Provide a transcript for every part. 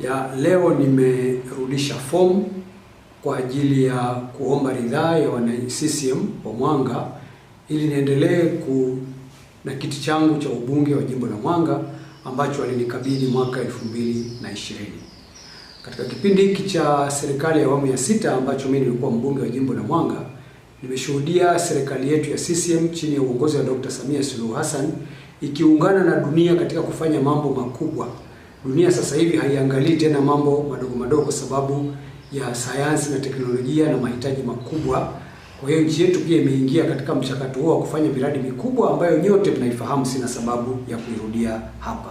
Ya leo nimerudisha fomu kwa ajili ya kuomba ridhaa ya wana CCM wa Mwanga ili niendelee ku na kiti changu cha ubunge wa jimbo la Mwanga ambacho alinikabidhi mwaka 2020. Katika kipindi hiki cha serikali ya awamu ya sita ambacho mimi nilikuwa mbunge wa jimbo la Mwanga, nimeshuhudia serikali yetu ya CCM chini ya uongozi wa Dr. Samia Suluhu Hassan ikiungana na dunia katika kufanya mambo makubwa Dunia sasa hivi haiangalii tena mambo madogo madogo kwa sababu ya sayansi na teknolojia na mahitaji makubwa. Kwa hiyo nchi yetu pia imeingia katika mchakato huo wa kufanya miradi mikubwa ambayo nyote tunaifahamu, sina sababu ya kuirudia hapa.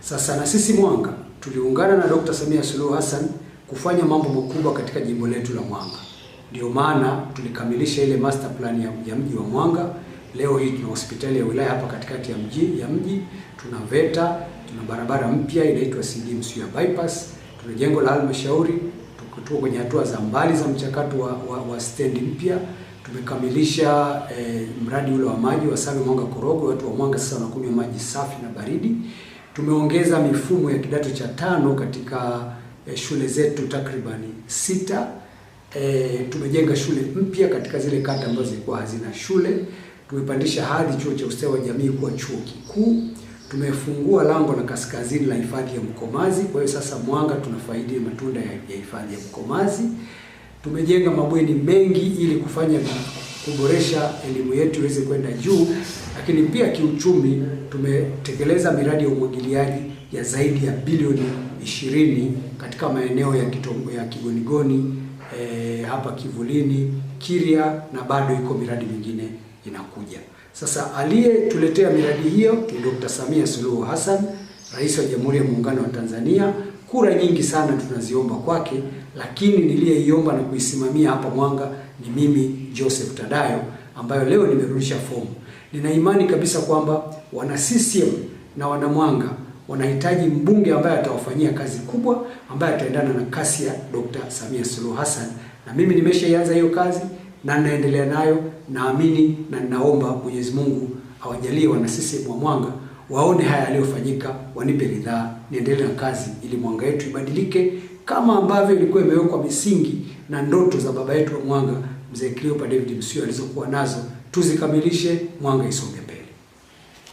Sasa na sisi Mwanga tuliungana na Dr. Samia Suluhu Hassan kufanya mambo makubwa katika jimbo letu la Mwanga. Ndio maana tulikamilisha ile master plan ya mji wa Mwanga Leo hii tuna hospitali ya wilaya hapa katikati ya mji ya mji, tuna VETA, tuna barabara mpya inaitwa CD Msuya bypass, tuna jengo la halmashauri, tuko kwenye hatua za mbali za mchakato wa, wa, wa stendi mpya. Tumekamilisha eh, mradi ule wa maji wa Same Mwanga Korogwe, watu wa Mwanga sasa wanakunywa maji safi na baridi. Tumeongeza mifumo ya kidato cha tano katika eh, shule zetu takribani sita. Eh, tumejenga shule mpya katika zile kata ambazo zilikuwa hazina shule tumepandisha hadhi chuo cha ustawi wa jamii kuwa chuo kikuu. Tumefungua lango la kaskazini la hifadhi ya Mkomazi, kwa hiyo sasa Mwanga tunafaidi matunda ya hifadhi ya Mkomazi. Tumejenga mabweni mengi ili kufanya kuboresha elimu yetu iweze kwenda juu, lakini pia kiuchumi tumetekeleza miradi ya umwagiliaji ya zaidi ya bilioni ishirini katika maeneo ya kitongo, ya Kigonigoni, eh, hapa Kivulini, Kiria na bado iko miradi mingine inakuja. Sasa aliyetuletea miradi hiyo ni Dr. Samia Suluhu Hassan, Rais wa Jamhuri ya Muungano wa Tanzania. Kura nyingi sana tunaziomba kwake, lakini niliyeiomba na kuisimamia hapa Mwanga ni mimi Joseph Tadayo, ambayo leo nimerudisha fomu. Nina imani kabisa kwamba wana CCM na wana Mwanga wanahitaji mbunge ambaye atawafanyia kazi kubwa, ambaye ataendana na kasi ya Dr. Samia Suluhu Hassan, na mimi nimeshaianza hiyo kazi na naendelea nayo, naamini na ninaomba Mwenyezi Mungu awajalie wana CCM wa Mwanga waone haya yaliyofanyika, wanipe ridhaa, niendelee na kazi ili Mwanga yetu ibadilike kama ambavyo ilikuwa imewekwa misingi na ndoto za baba yetu wa Mwanga Mzee Cleopa David Msuya alizokuwa nazo, tuzikamilishe, Mwanga isonge.